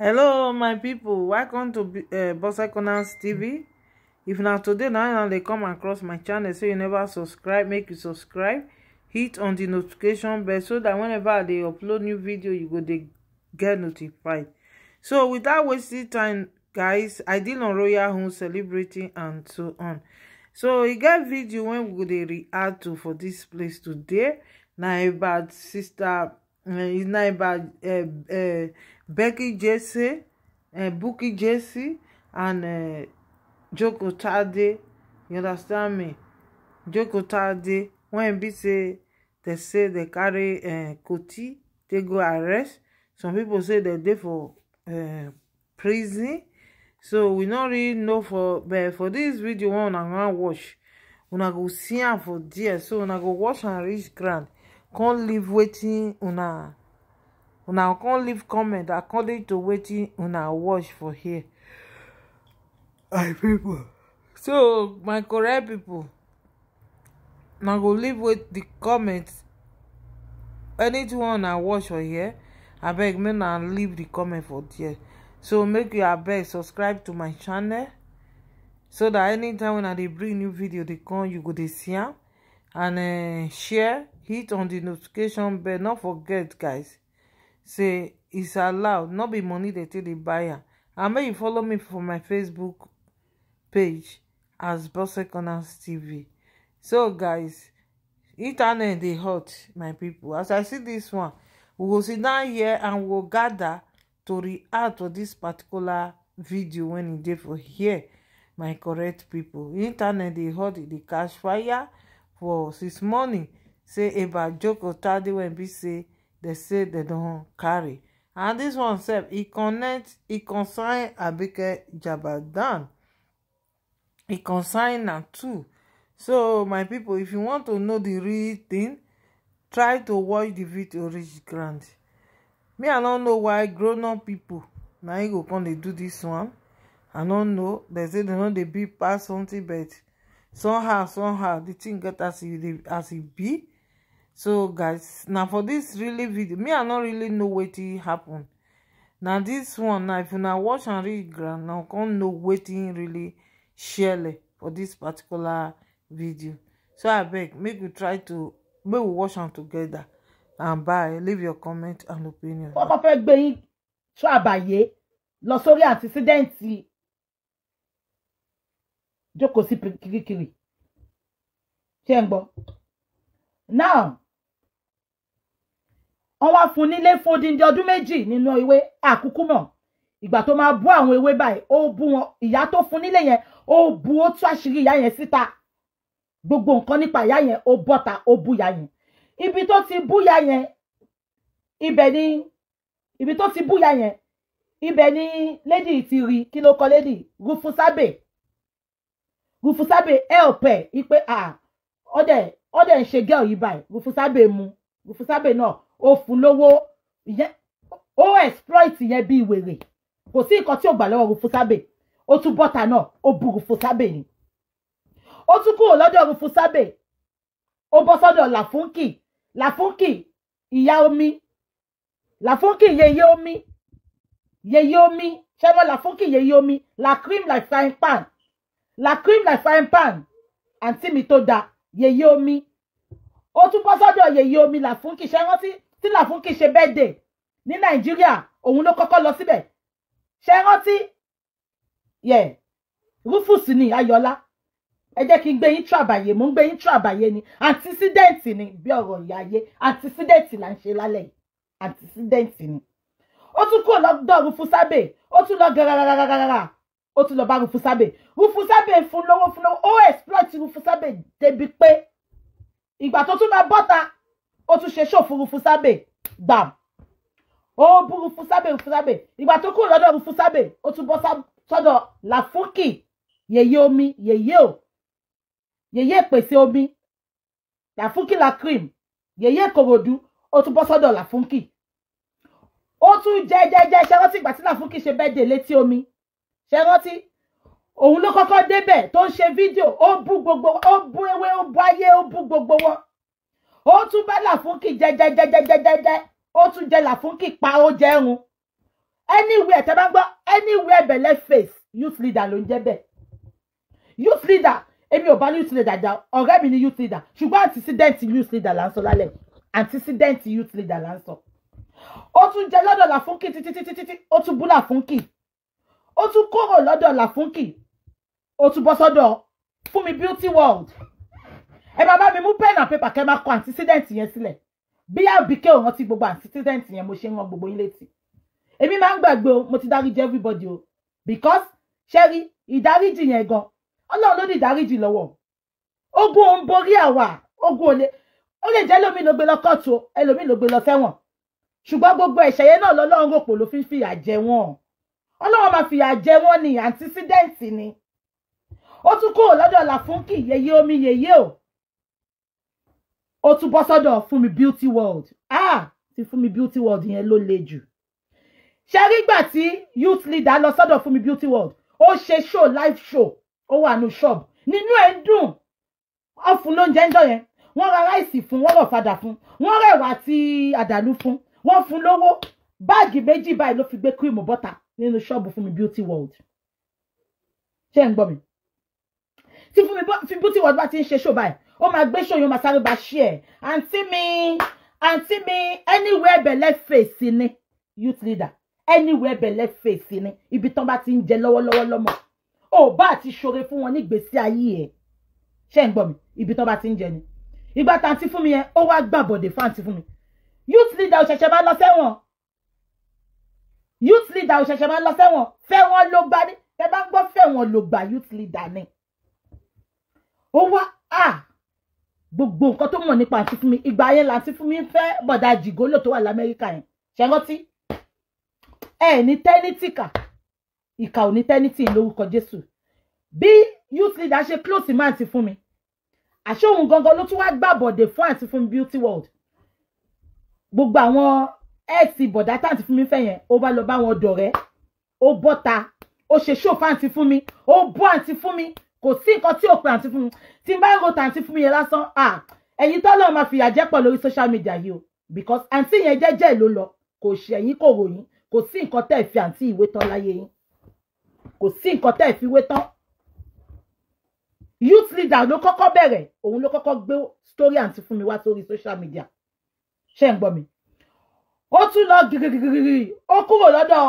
hello my people. welcome to bose corners tv if not today now they come across my channel So you never subscribe make you subscribe hit on the notification bell so that whenever they upload new video you go they get notified so without wasting time guys i did on royal home celebrating and so on so e got video when we go they react to for this place today Now about sister Eh, his neighbor uh, eh, uh, eh, Becky Jesse, uh, Bookie Jesse, and uh, Joko Tade. You understand me? Joko Tade, when be say they say they carry uh, Koti, they go arrest. Some people say they're there for uh, prison. So we not really know for but for this video one una wan watch. Una go see for there. So una go watch and reach grand come leave wetin una una come leave comment according to wetin una watch for here I people, so my correct people. Now go leave with di comment anytin I watch for here I beg make na leave the comment for there so make you abeg subscribe to my channel so that anytime when i bring new video they come you go dey see am and eh, share hit on the notification bell not forget guys say it's allowed not be money dey take dey buy am and may you follow me for my facebook page as Boss Corners tv so guys internet dey hot my people. as i see this one we will sit down here and we'll gather to react to this particular video when e dey for here my correct people. internet dey hot The cash fire for this morning say about joke or otadi wey be say they say they don't carry and this one sef he connect he consign abike jabadan he consign am too so my people, if you want to know the real thing, try to watch the video reach ground me i don't know why grown up people now e go come they do this one i don't know they say they no dey be pass something but somehow somehow The thing get as as e be so guys now for this really video me i no really know wetin happen Now this one now if you now watch and read ground now come know waiting really shele for this particular video so I beg, make we try to make we watch them together and bye leave your comment and opinion. ọkọ fẹ́ gbé yín ṣọ́ àbàyè lọ sórí àtisídẹ́ǹtì jókòó sí kirikiri ṣé ń gbọ́ now wọ́n wá fún nílé fódìndín ọdún méjì nínú ewé àkúkú mọ̀ ìgbà tó máa bú àwọn ewé báyìí ó bú wọn ìyá tó fún nílé yẹn ó bu ó tú àṣírí ìyá yẹn síta gbogbo nǹkan nípa ìyá yẹn ó bọ́ta ó bú ìyá yẹn ibi tó ti bú ìyá yẹn ibẹ̀ ni ibi tó ti bú ìyá yẹn ibẹ̀ ni lady ti rí kí ló kọ lady rufusabe rufusabe help ẹ ipe ah ọdẹ ọdẹ ń ṣe girl yìí báyìí rufusabe mu rufusabe náà. No ó fún lówó ìyẹn ó exploit yẹn bí wèrè kò sí nǹkan tí ò gbà lọ́wọ́ Rufusabe ó tún bọ́ta náà ó bu Rufusabe ni ó tún kúrò lọ́dọ̀ Rufusabe ó bọ́ sọ́dọ̀ Làfúnkì lafunki ìyá omi Làfúnkì yeye omi yeye omi ṣẹ́mọ́ Làfúnkì yeye omi la cream like frying pan la cream like frying pan àǹtí mi tó da yeye omi ó tún bọ́ sọ́dọ̀ yeye omi Làfúnkì ṣẹ́ rántí tí Làfúnkì ṣe birthday Ni Nigeria òun ló kọ́kọ́ lọ síbẹ̀ ṣe rántí yẹ Rufus ni Ayọ̀lá ẹ jẹ́ kí n gbé yín tú àbàyè mò ń gbé yín tú àbàyè ni àtisídẹ́ǹtì ni bí ọ̀rọ̀ ìyá ayé àtisídẹ́ǹtì là ń ṣe lálẹ́ yìí àtisídẹ́ǹtì ni ó tún kúrò lọ́dọ̀ Rufusabe ó tún lọ gàràràràràrà ó tún lọ bá Rufusabe Rufusabe fún lówó fún lówó ó exploit Rufusabe débi pé ìgbà tó ma máa ó tún ṣe ṣó fún Rúfúsábè gbàm ó bú Rúfúsábè Rúfúsábè ìgbà tó kúrò lọ́dọ̀ Rúfúsábè ó tún bọ́ sọ́dọ̀ Làfúkì yèyé omi yèyé o yèyé ìpèsè omi Làfúkì la cream yèyé ìkòròdú ó tún bọ́ sọ́dọ̀ Làfúkì ó tún jẹ́ jẹ́ jẹ́ ṣe rántí ìgbà tí Làfúkì ṣe bẹ́ẹ̀ dé létí omi ṣe rántí òun ló kọ́kọ́ débẹ̀ tó ń ṣe fídíò ó bú gbogbo ó bú ewé ó bú ayé ó bú gbogbo wọn ó tún bá làfúnkì jẹjẹjẹjẹjẹjẹ ó tún jẹ làfúnkì pa ó jẹun anywhere tẹ bá ń gbọ́ anywhere bẹ̀lẹ̀ face youth leader ló ń jẹ́ bẹ́ẹ̀ youth leader èmi ò bá youth leader jà ọ̀rẹ́ mi ni youth leader ṣùgbọ́n antecedent youth leader là ń sọ lálẹ́ antecedent youth leader là ń sọ ó tún jẹ lọ́dọ̀ làfúnkì títítítítí ó tún bú làfúnkì ó tún kúrò lọ́dọ̀ làfúnkì ó tún bọ́ sọ́dọ̀ Fúnmi Beauty World ẹ máa mi mú pen and paper kẹ́ máa kọ antecedent yẹn sílẹ̀ bí àbíkẹ́ ò rántí gbogbo antecedent yẹn mo ṣe ń ran gbogbo yín létí èmi máa ń gbàgbé o mo ti dáríjì everybody o because ṣẹ́rí ìdáríjì yẹn gan ọlọ́run ló ní ìdáríjì lọ́wọ́ ogun ò ń borí àwa ogun ò lè ó lè jẹ́ lómi ló gbé lọ kóòtù ẹlòmí ló gbé lọ sẹ́wọ̀n ṣùgbọ́n gbogbo ẹ̀ṣẹ̀ yẹn náà lọ́lọ́run rò pò ló fi ń fìyà jẹ wọ́n ọlọ́run máa fìyà jẹ wọ́n ní antecedent ni ó tún kúrò lọ́dọ̀ làfúnkì yeye omi yeye o ó tún bọ́ sọ́dọ̀ Fúnmi Beauty World ah ti Fúnmi Beauty World yẹn ló leju. jù ṣe rí gbà youth leader lọ sọ́dọ̀ Fúnmi Beauty World O ṣe show live show o wa ní shop nínú ẹ̀ ń dùn ọ̀fun ló ń jẹ́ ń jọ yẹn wọ́n ra ráìsì fún wọ́n rọ̀ fadà fún wa ti adalu fún wọ́n fún lówó báàgì méjì báyìí ló fi gbé butter bọ́tà nínú ṣọ́ọ̀bù Fúnmi Beauty World ṣé ń gbọ́ mi tí Fúnmi Beauty World bá ti ń ṣe show báyìí ó máa gbé ṣòyìn ó máa sáré ba ṣí ẹ̀ àǹtí mi àǹtí mi anywhere bẹ̀lẹ̀ fèsì ni youth leader anywhere bẹ̀lẹ̀ fèsì ni ibi tán bá ti ń jẹ lọ́wọ́lọ́wọ́ lọ́mọ ò bá àti ṣoore fún wọn nígbèésí ayé ẹ̀ ṣé ń gbọ́ mi ibi tán bá ti ń jẹ ni ìgbà tá àǹtí fún mi yẹn ó wá gbàbọ̀dẹ̀ fún àǹtí fún mi youth leader ò ṣẹ̀ṣẹ̀ bá lọ sẹ́wọ̀n youth leader ò ṣẹ̀ṣẹ̀ máa lọ sẹ́wọ̀n fẹ́ wọn ló gbà ní tẹ bá gbọ́ fẹ́ wọn ló gbà youth leader ni ó wá à ah! gbogbo nǹkan tó mọ̀ nípa àǹtí fún mi ìgbà ayé làǹtí fún mi ń fẹ́ bọ̀dà jìgólò tó wà lamẹ́ríkà yẹn ṣe rántí ẹ ní tẹ́nítì kà ìkà ò ní tẹ́nítì lórúkọ jésù bí youth leader ṣe close mọ́ àǹtí fún mi àṣé òun gangan ló tún wá gbàbọ̀dè fún àǹtí fún beauty world gbogbo àwọn ẹ̀ẹ́sì bọ̀dá táǹtí fún mi fẹ́ yẹn ó bá lọ bá wọn dọ̀rẹ́ ó bọ́ta ó ṣe ṣòfà àǹtí fún mi ó bọ́ àǹtí fún mi kò sí nǹkan tí ò pé àǹtí fún mi tí n bá ń ro tàǹtí fún mi yẹn lásán ah ẹ̀yin tọ́lọ́ máa fìyà jẹ pọ̀ lórí social media yìí o because àǹtí yẹn jẹ́jẹ́ ló lọ kò ṣe ẹ̀yin kò ròyìn kò sí nǹkan tẹ́ ẹ̀ fi àǹtí ìwé tán láyé yín kò sí nǹkan tẹ́ ẹ̀ fi wé tán youth leader ló kọ́kọ́ bẹ̀rẹ̀ òun ló kọ́kọ́ gbé story àǹtí fún mi wá sórí social media ṣé ń gbọ́ mi ó tún lọ gírígírígírí ó kúrò lọ́dọ̀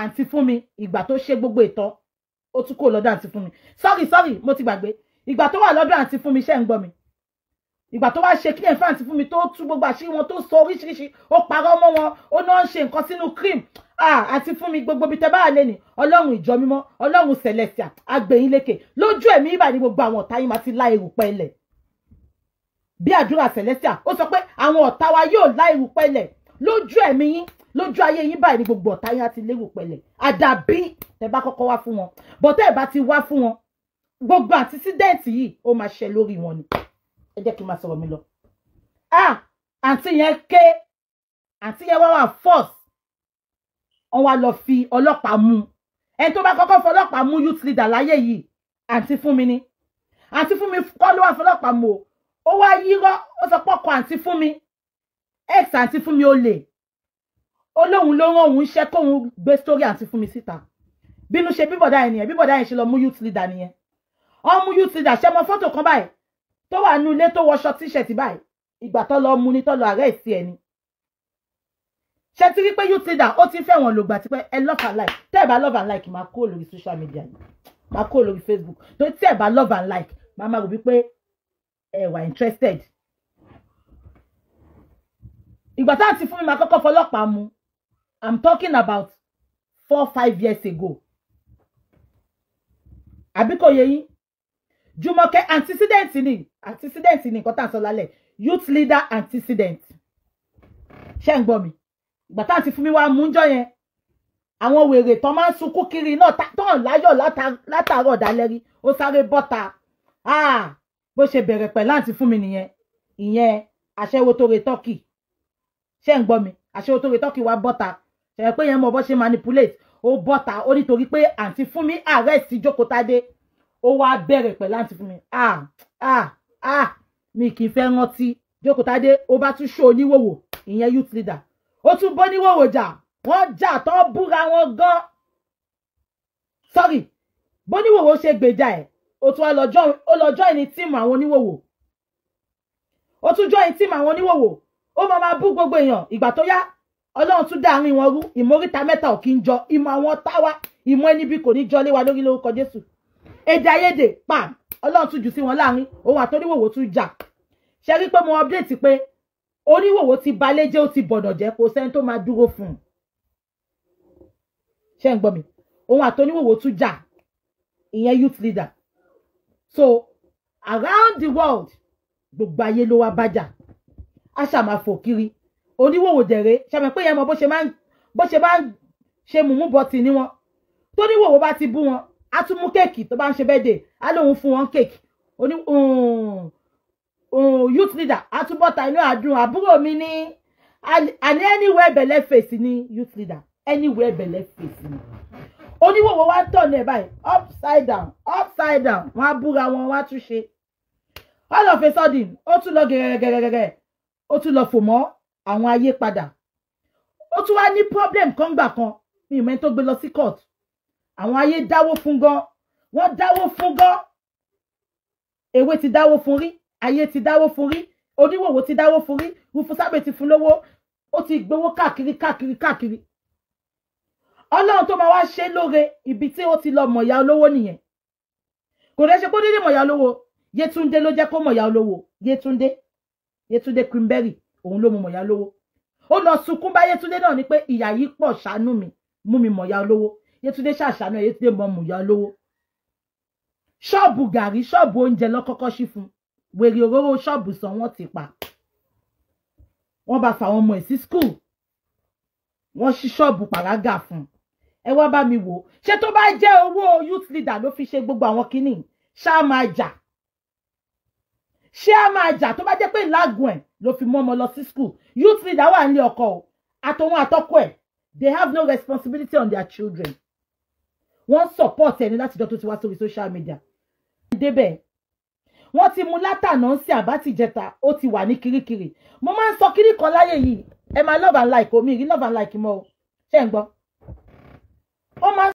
àǹtí fún mi ìgbà tó ṣe gbogbo ìtàn ó tún kò lọ́dọ̀ àǹtí fún mi sorry sorry mo ti gbàgbé ìgbà tó wà lọ́dọ̀ àǹtí fún mi ṣẹ́ ń gbọ́ mi ìgbà tó wá ṣe kí ẹ̀fà àǹtí fún mi tó tú gbogbo àṣírí wọn tó sọ oríṣiríṣi ó parọ́ mọ́ wọn ó náà ń ṣe nǹkan sínú cream ah, àti fún mi gbogbo bíi tẹ́bá àlẹ́ ni ọlọ́run ìjọ mímọ́ ọlọ́run sẹ̀lẹ̀sìà agbẹ̀yìn lékè lójú ẹ̀mí ìbà ní gbogbo àwọn ọ̀tá yín máa ti lá erùpẹ̀ ilẹ̀ bí àdúrà sẹ̀lẹ̀sìà ó sọ pé àwọn ọ̀tá wa yóò lá erùpẹ̀ ilẹ̀ lójú ẹ̀mí yín lójú ayé yín báyìí ni gbogbo ọ̀tá yín á ti léwu pẹ̀lẹ̀ àdàbí tẹ́ bá kọ́kọ́ wá fún wọn bọ́ tẹ́ ẹ̀ bá ti wá fún wọn gbogbo àtisídẹ́ǹtì yìí ó máa ṣẹ lórí wọn ni ẹ jẹ́ kí n máa sọ̀rọ̀ mi lọ. ah àǹtí yẹn ké àǹtí yẹn wá wà force wọn wá lọ fi ọlọ́pàá mú ẹni tó bá kọ́kọ́ fọ ọlọ́pàá mú youth leader láyé yìí àǹtí fún mi ni àǹtí fún mi kọ́ ló wà fọ ọlọ́pàá mú o ó wá yírọ́ ó sọ pọ́kọ àǹtí fún mi ex àǹtí fún mi ó lè ó lóun ló rán òun iṣẹ́ kóun gbé sórí àǹtí fún mi síta bínú ṣe bíbọ̀dá yẹn nìyẹn bíbọ̀dá yẹn ṣe lọ mú youth leader nìyẹn wọ́n mú youth leader ṣe mọ fọ́tò kan báyìí tó wà nínú ilé tó wọṣọ tíṣẹ̀tì báyìí ìgbà tó lọ mú ni tó lọ àárẹ̀ sí ẹni ṣe ti rí pé youth leader ó ti fẹ́ wọn lògbà tí pé ẹ love and like tẹ́ ẹ̀ bá love and like máa kó lórí social media máa kó lórí Facebook tó tẹ́ ẹ̀ bá love and like máa máa rò wípé ẹ wà interested ìgbà táà ti fún mi máa kọ́kọ́ fọlọ́pàá mu I'm talking about four five years ago Abiko kò jumoke yín Jùmọ̀kẹ́ antecedent ni antecedent ni nǹkan tá youth leader antecedent ṣé ń gbọ́ mi ìgbà tá à ti fún mi wá mú jọ yẹn àwọn wèrè tán máa ń sunkún kiri náà tán láyọ̀ látàárọ̀ dálẹ́rí ó sáré bọ́ta ah, bó ṣe bẹ̀rẹ̀ pẹ̀lú àǹtí fún mi nìyẹn ìyẹn aṣẹ́wó tó re tọ́kì ṣé ń gbọ́ mi aṣẹ́wó re tọ́kì wá bọ́ta ṣe pé yẹn mọ bó ṣe manipulate ó bọ́ta ó nítorí pé àǹtí Fúnmi arrest Jókòtádé ó wá bẹ̀rẹ̀ pẹ̀lú àǹtí Fúnmi ah ah ah mi kì í fẹ́ rántí Jókòtádé ó bá tún ṣó oníwòwò ìyẹn youth leader ó tún bọ́ níwòwò jà wọ́n jà tó búra wọn gan sorry bó níwòwò ṣe gbèjà ẹ̀ ó tún ó lọ join ní tíìmù àwọn oníwòwò ó tún join tíìmù àwọn oníwòwò ó máa máa bú gbogbo èèyàn ìgbà tó yá ọlọ́run tún dá àárín wọn rú ìmọ̀ríta mẹ́ta ò kí ń jọ ìmọ̀ àwọn táwa ìmọ̀ ẹni bí kò ní jọlé wa lórí lórúkọ jésù èdè àìyedè pam ọlọ́run tún jù sí wọn láàrin òun àtọ́níwòwò tún jà ṣe rí pé mo update pé oníwòwò ti balẹ̀ jẹ́ ó ti bọ̀dọ̀ jẹ́ kò sẹ́ni tó máa dúró fún un ṣe ń gbọ́ mi òun àtọ́níwòwò tún jà ìyẹn youth leader so around the world gbogbo ayé ló wá bájà a ṣàmà fò kiri oníwòwò jẹ̀rẹ̀ ṣàmì pé yẹn mọ bó ṣe máa ń bó ṣe bá ń ṣe mùmú bọ́tì ní wọn tó níwòwò bá ti bú wọn á tún mú kéèkì tó bá ń ṣe bẹ́ẹ̀dẹ̀ á lóun fún wọn kéèkì oní um, um, youth leader á tún bọ́ta inú àdùn àbúrò mi ní àní anywhere bẹ̀lẹ̀ fèsì ní youth leader anywhere bẹ̀lẹ̀ fèsì ní oníwòwò wa ń ẹ̀ báyìí upside down upside down wọn á búra wọn wọn á tún ṣe all of a sudden ó tún lọ gẹ̀rẹ̀gẹ̀rẹ̀ ó tún lọ fò mọ́ àwọn ayé padà ó tún wá ní problem kan gbà kan mi ò mẹ́ni tó gbé lọ sí court àwọn ayé dáwó fún gan wọ́n dáwó fún gan ewé ti dáwó fún rí ayé ti dáwó fún rí oníwòwò ti dáwó fún rí rufusabe ti fún lówó ó ti gbowó káàkiri káàkiri káàkiri ọlọ́run tó máa wá ṣe lóore ibi tí ó ti lọ mọ̀yà olówó nìyẹn kò dẹ́ ṣe kó dédé mọ̀yà olówó Yetunde ló jẹ́ kó mọ̀yà olówó Yétúndé Yétúndé Queenberry òun ló mú mọ̀yá lówó ó lọ sunkún bá Yétúndé náà ni pé ìyá yìí pọ̀ ṣàánú mi mú mi mọ̀yá lówó Yétúndé ṣàṣàánú Yétúndé mọ̀ mọ̀yá lówó ṣọ́ọ̀bù gàrí ṣọ́ọ̀bù oúnjẹ lọ́kọ́kọ́ ṣí fún wèrè òróró ṣọ́ọ̀bù sàn wọ́n ti pa wọ́n bá fàwọn ọmọ ẹ̀ sí skul wọ́n ṣí ṣọ́ọ̀bù pàrágà fún ẹ wá bá mi wò ṣé tó bá jẹ́ owó youth leader ló fi ṣe gbogbo àwọn kínní ṣáà máa jà ṣé a máa jà tó bá jẹ́ pé lágùn ẹ̀ ló fi mọ́ ọmọ lọ sí school youth leader wà nílé ọkọ o àtọ̀hún àtọ́kọ ẹ̀ they have no responsibility on their children wọ́n support ẹni láti jọ tó ti wá sórí social media débẹ̀ wọ́n ti mú látànà sí àbátìjẹta ó ti wà ní kirikiri mo máa ń sọ kiri kan láyé yìí ẹ máa love and like omi ìrí love and like mọ́ o ṣé ń gbọ́ ó